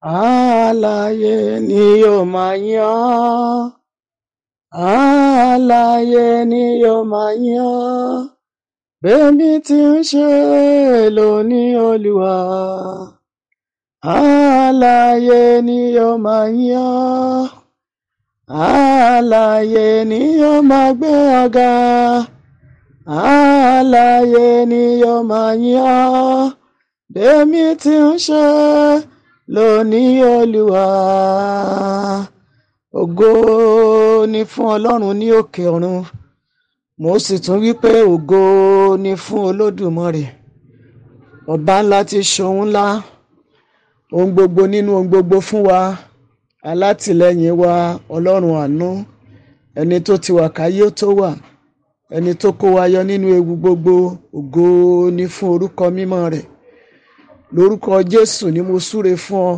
Alààyè ni yóò máa yìn ọ́. Alààyè ni yóò máa yìn ọ́. Bẹ́ẹ̀mi ti ń ṣe lónìí Olúwa. Alààyè ni yóò máa yìn ọ́. ni yóò máa gbé ọ̀gá. Alààyè ni yóò máa yìn ọ́. ti ń ṣe lóní olúwa ògo ni fún ọlọ́run ní òkè ọ̀run mo sì tún wí pé ògo ni fún olódùmarè ọba ńlá ti ṣohun ńlá ohun gbogbo nínú ohun gbogbo fún wa alátìlẹ́yìn wa ọlọ́run àánú ẹni tó ti wà káyé tó wà ẹni tó kó wa yọ nínú ewu gbogbo ògo ni fún orúkọ mímọ́ rẹ̀ lórúkọ Jésù ni mo súre fún ọ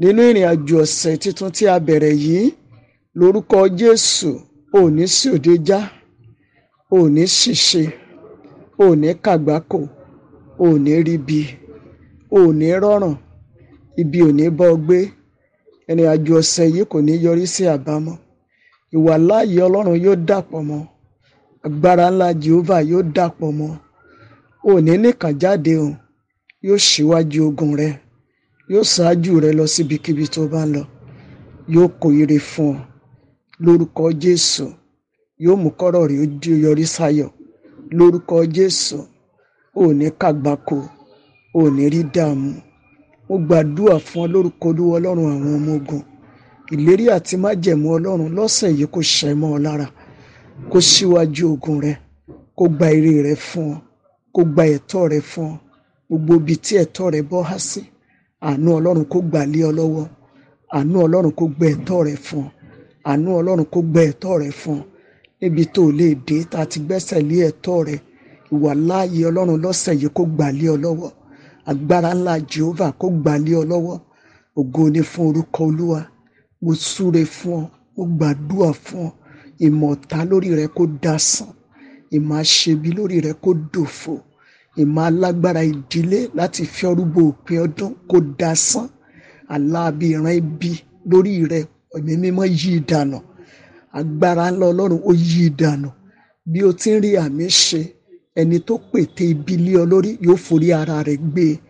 nínú ìrìn àjò ọ̀sẹ̀ tuntun tí a bẹ̀rẹ̀ yìí lórúkọ Jésù ò ní sí òde já ò ní ṣìṣe ò ní kàgbákò ò ní ríbi ò rọrùn ibi ò ní gbé ìrìn àjò ọ̀sẹ̀ yìí kò ní yọrí sí àbámọ̀ ìwà láàyè Ọlọ́run yóò dàpọ̀ mọ́ agbára ńlá Jehovah yóò dàpọ̀ mọ́ ò nìkan jáde o yóò ṣíwájú ogun rẹ yóò ṣáájú rẹ lọ síbikíbi tó bá ń lọ yóò kó ire fún ọ lórúkọ jésù yóò mú kọ́rọ̀ rẹ ó di yọrí sáyọ̀ lórúkọ jésù ò ní kàgbákò ò ní rí dààmú mo gbàdúrà fún ọ lórúkọ olúwa ọlọ́run àwọn ọmọ ogun ìlérí àti májẹ̀mú ọlọ́run lọ́sẹ̀ yìí kò ṣẹ mọ́ ọ lára kó síwájú ogun rẹ kó gba ire rẹ fún ọ kó gba ẹ̀tọ́ rẹ fún ọ gbogbo ibi tí ẹ̀tọ́ rẹ̀ bọ́ há sí àánú Ọlọ́run kó gbà lé ọ lọ́wọ́ àánú Ọlọ́run kó gbẹ ẹ̀tọ́ rẹ̀ fún ọ àánú Ọlọ́run kó gbẹ ẹ̀tọ́ rẹ̀ fún ọ níbi tó lè dé tá a ti gbẹ́sẹ̀ lé ẹ̀tọ́ rẹ̀ ìwà láàyè Ọlọ́run lọ́sẹ̀ yìí kó gbà lé ọ lọ́wọ́ agbára ńlá Jehovah kó gbà lé ọ lọ́wọ́ ògo ni fún orúkọ Olúwa mo súre fún ọ mo gbàdúrà fún ọ ìmọ̀ lórí rẹ kó dásán ìmọ̀ àṣebi lórí rẹ kó dòfo ìmọ̀ alágbára ìdílé láti fi ọrúbọ òpin ọdún kó dasán àlàábì ìran ibi lórí rẹ ẹ̀mí mímọ́ yí i dànù agbára ńlá ọlọ́run ó yí i dànù bí o ti ń rí àmì ṣe ẹni tó pète ibi lé ọ lórí yóò forí ara rẹ̀ gbé e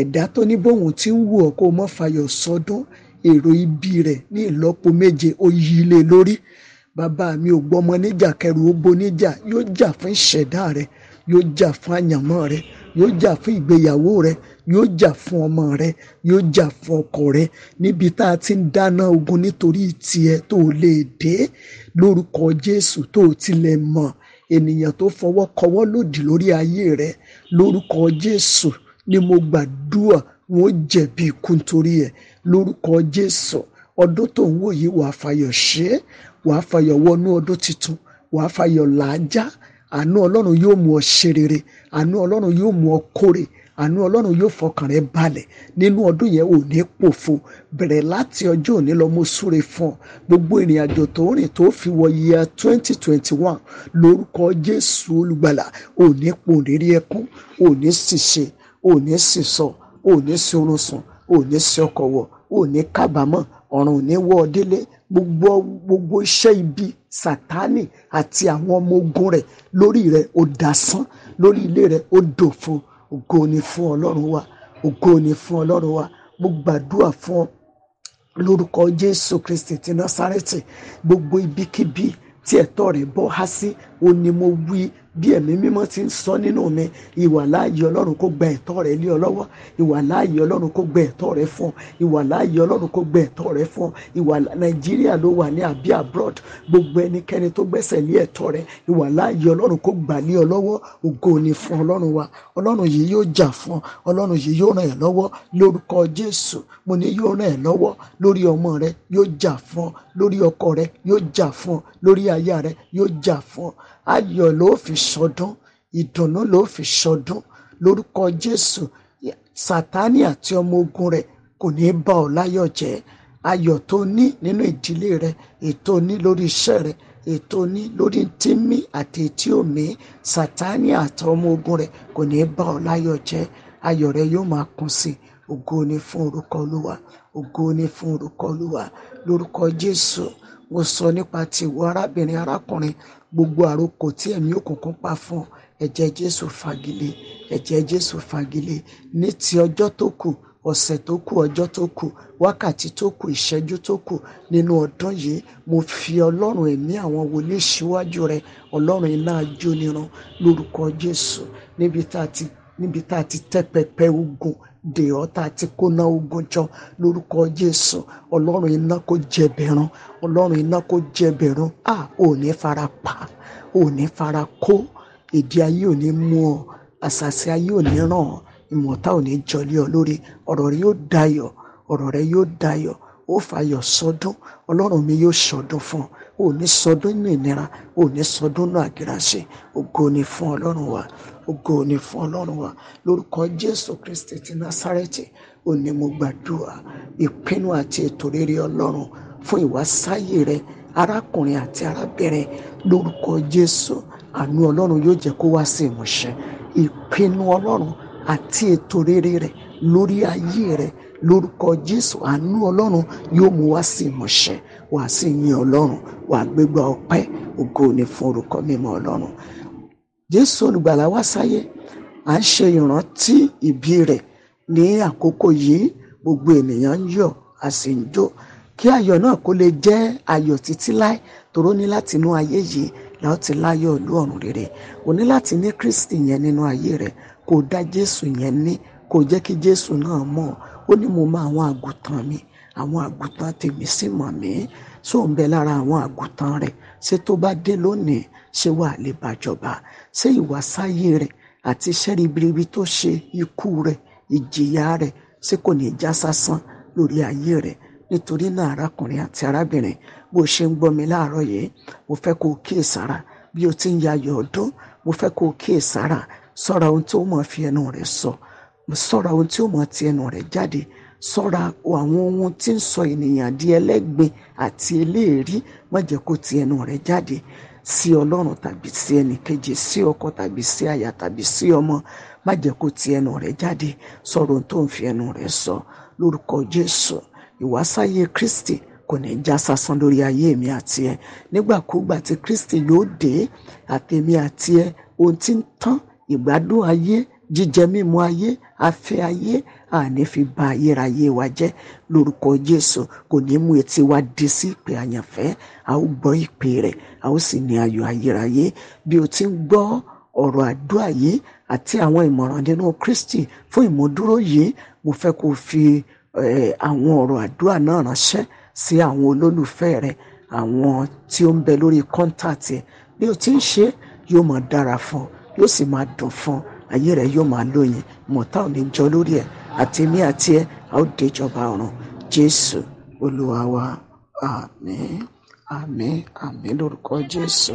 ẹ̀dá tó ní bóun ti ń wù ọ́ kó mọ́ fàyọ̀ sọdún èrò ibi rẹ̀ ní ìlọ́po méje ó yí lé lórí bàbá mi ò gbọ́mọ níjà kẹrù ó bo níjà yóò jà fún ìṣẹ̀dá rẹ̀ yóò jà fún àyànmọ́ rẹ yóò jà fún ìgbéyàwó rẹ yóò jà fún ọmọ rẹ yóò jà fún ọkọ rẹ níbi tá a ti ń dáná ogun nítorí tiẹ̀ tó lè dé lórúkọ Jésù tó tilẹ̀ mọ̀ ènìyàn tó fọwọ́ kọwọ́ lòdì lórí ayé rẹ lórúkọ Jésù ni mo gbàdúrà wọn jẹ̀bi ikú nítorí ẹ̀ lórúkọ Jésù ọdún tó ń wò yìí wàá fayọ̀ ṣe wàá fayọ̀ wọnú ọdún tuntun wàá fayọ̀ làájá àánú ọlọ́run yóò mú ọ ṣe rere àánú ọlọ́run yóò mú ọ kórè àánú ọlọ́run yóò fọkàn rẹ balẹ̀ nínú ọdún yẹn ò ní pòfo bẹ̀rẹ̀ láti ọjọ́ òní lọ mo súre fún ọ gbogbo ìrìn àjò tó rìn tó fi wọ yíya twenty twenty one lórúkọ jésù olùgbàlà ò ní pò rírí ẹkún ò ní sì ṣe ò ní sì sọ ò ní sí orun sùn ò ní sí ọkọ̀ wọ̀ ò ní kábàámọ̀ ọ̀run ò ní wọ́ ọ délé gbogbo gbogbo iṣẹ́ ibi sátánì àti àwọn ọmọ ogun rẹ̀ lórí rẹ̀ ó dasán lórí ilé rẹ̀ ó dòfo ògo ni fún ọlọ́run wa ògo ni fún ọlọ́run wa mo gbàdúrà fún lórúkọ jésù kristi ti násárẹ́tì gbogbo ibikíbi tí ẹ̀tọ́ rẹ̀ bọ́ há sí O ní mo wí bí ẹ̀mí mímọ́ ti ń sọ nínú mi ìwà láàyè ọlọ́run kó gba ẹ̀tọ́ rẹ lé ọ lọ́wọ́ ìwà láàyè ọlọ́run kó gba ẹ̀tọ́ rẹ fún ìwà láàyè ọlọ́run kó gba ẹ̀tọ́ rẹ fún ìwà nàìjíríà ló wà ní àbí abroad gbogbo ẹnikẹ́ni tó gbẹ́sẹ̀ lé ẹ̀tọ́ rẹ ìwà láàyè ọlọ́run kó gbà lé ọ lọ́wọ́ ògo ni fún ọlọ́run wa ọlọ́run yìí yóò jà fún ọlọ́run yìí yóò ràn ẹ́ lọ́wọ́ lórúkọ jésù mo ní yóò ràn ayọ̀ ló fi ṣọdún ìdùnnú ló fi ṣọdún lórúkọ jésù sátánì àti ọmọ ogun rẹ̀ kò ní bá ọ láyọ̀ jẹ́ ayọ̀ tó ní nínú ìdílé rẹ ètò ní lórí iṣẹ́ rẹ ètò ní lórí tí mí àti etí omi sátánì àti ọmọ ogun rẹ kò ní bá ọ láyọ̀ jẹ́ ayọ̀ rẹ yóò máa kún sí i ògo ni fún orúkọ olúwa ògo ni fún orúkọ olúwa lórúkọ jésù mo sọ nípa tiwọ arábìnrin arákùnrin gbogbo àrokò tí ẹ̀mí òkùnkùn pa fún ọ ẹ̀jẹ̀ Jésù fagilé ẹ̀jẹ̀ Jésù fagilé ní ti ọjọ́ tó kù ọ̀sẹ̀ tó kù ọjọ́ tó kù wákàtí tó kù ìṣẹ́jú tó kù nínú ọdún yìí mo fi ọlọ́run ẹ̀mí àwọn wòlíì síwájú rẹ ọlọ́run iná ajónirun lórúkọ Jésù níbi tá a ti níbi tá a ti tẹ́ pẹpẹ ogun dè ọ́ tá a ti kóná ogun jọ lórúkọ Jésù ọlọ́run iná kó jẹbẹ̀rún ọlọ́run iná kó jẹbẹ̀rún à ò ní fara pa ò ní fara kó èdè ayé ò ní mú ọ àṣàṣì ayé ò ní ràn ọ ìmọ̀ta ò ní jọlé ọ lórí ọ̀rọ̀ rẹ yóò dayọ̀ ọ̀rọ̀ rẹ yóò dayọ̀ ó fàyọ̀ sọdún ọlọ́run mi yóò sọdún fún ọ ò ní sọdún nínú ìnira ò ní sọdún nínú àgíràṣe ògo ni fún ọlọ́run wa ògo ni fún ọlọ́run wa lórúkọ jésù kristi ti násárẹ́tì ò ní mo gbàdúrà ìpinnu àti ètò rere ọlọ́run fún ìwásáyé rẹ arákùnrin àti arábìnrin lórúkọ jésù àánú ọlọ́run yóò jẹ́ kó wá sí ìmúṣẹ ìpinnu ọlọ́run àti ètò rere rẹ lórí ayé rẹ lórúkọ jésù àánú ọlọ́run yóò mú wá sí ìmọ̀ṣẹ́ wà sí yìn ọlọ́run wà gbégbá ọpẹ́ ògo ni fún orúkọ mímọ́ ọlọ́run jésù olùgbàlà wá sáyé à ń ṣe ìrántí ìbí rẹ̀ ní àkókò yìí gbogbo ènìyàn ń yọ̀ a sì ń jó kí ayọ̀ náà kó lè jẹ́ ayọ̀ títí láì toró ní láti inú ayé yìí la ó ti láyọ̀ ìlú ọ̀run rere o ní láti ní kristi yẹn nínú ayé rẹ̀ kó dá jésù yẹn ní kó jẹ́ kí jésù náà mọ̀ ọ́ ó ní mo mọ àwọn àgùntàn mi àwọn àgùntàn tèmi sì mọ̀ mí só ń bẹ lára àwọn àgùntàn rẹ̀ ṣé tó bá dé lónìí ṣé wà lè bàjọba ṣé ìwà sáyé rẹ̀ àti iṣẹ́ ribiribi tó ṣe ikú rẹ̀ ìjìyà rẹ̀ ṣé kò ní já sásán lórí ayé rẹ̀ nítorí náà arákùnrin àti arábìnrin bó ṣe ń gbọ́ mi láàárọ̀ yìí mo fẹ́ kó o kíyèsára bí o ti ń yayọ̀ ọdún mo fẹ́ kó o kíyèsára sọ́ra ohun tó mọ̀ fi ẹnu rẹ̀ sọ. So ṣọ́ra ohun tí ó mọ̀ ti ẹnu rẹ̀ jáde ṣọ́ra àwọn ohun tí ń sọ ènìyàn di ẹlẹ́gbin àti eléèrí má jẹ́ kó ti ẹnu rẹ̀ jáde sí ọlọ́run tàbí sí ẹnìkejì sí ọkọ tàbí sí aya tàbí sí ọmọ má jẹ́ kó ti ẹnu rẹ̀ jáde sọ̀rọ̀ tó ń fi ẹnu rẹ̀ sọ lórúkọ jésù ìwásáyé kristi kò ní já sásán lórí ayé mi àti ẹ nígbàkúgbà tí kristi yóò dé àtèmi àti ẹ ohun tí ń tán ìgbádùn ayé jíjẹ mímu ayé afẹ́ ayé àní fi ba ayérayé wa jẹ́ lórúkọ Jésù kò ní mú etí wa di sí ìpè àyànfẹ́ a ó gbọ́ ìpè rẹ̀ a ó sì ní ayọ̀ ayérayé bí o ti ń gbọ́ ọ̀rọ̀ àdúrà yìí àti àwọn ìmọ̀ràn nínú Kristi fún ìmúdúró yìí mo fẹ́ kó fi àwọn ọ̀rọ̀ àdúrà náà ránṣẹ́ sí àwọn olólùfẹ́ rẹ̀ àwọn tí ó ń bẹ lórí kọ́ńtàtì bí o ti ń ṣe yóò máa dára fún yóò sì máa dùn fún ọ ayé rẹ yóò máa lóyìn mọ̀tá ò ní jọ lórí ẹ̀ àti ní àti ẹ̀ a ó dé ìjọba ọ̀run jésù olúwa wa àmín àmín àmín lórúkọ jésù.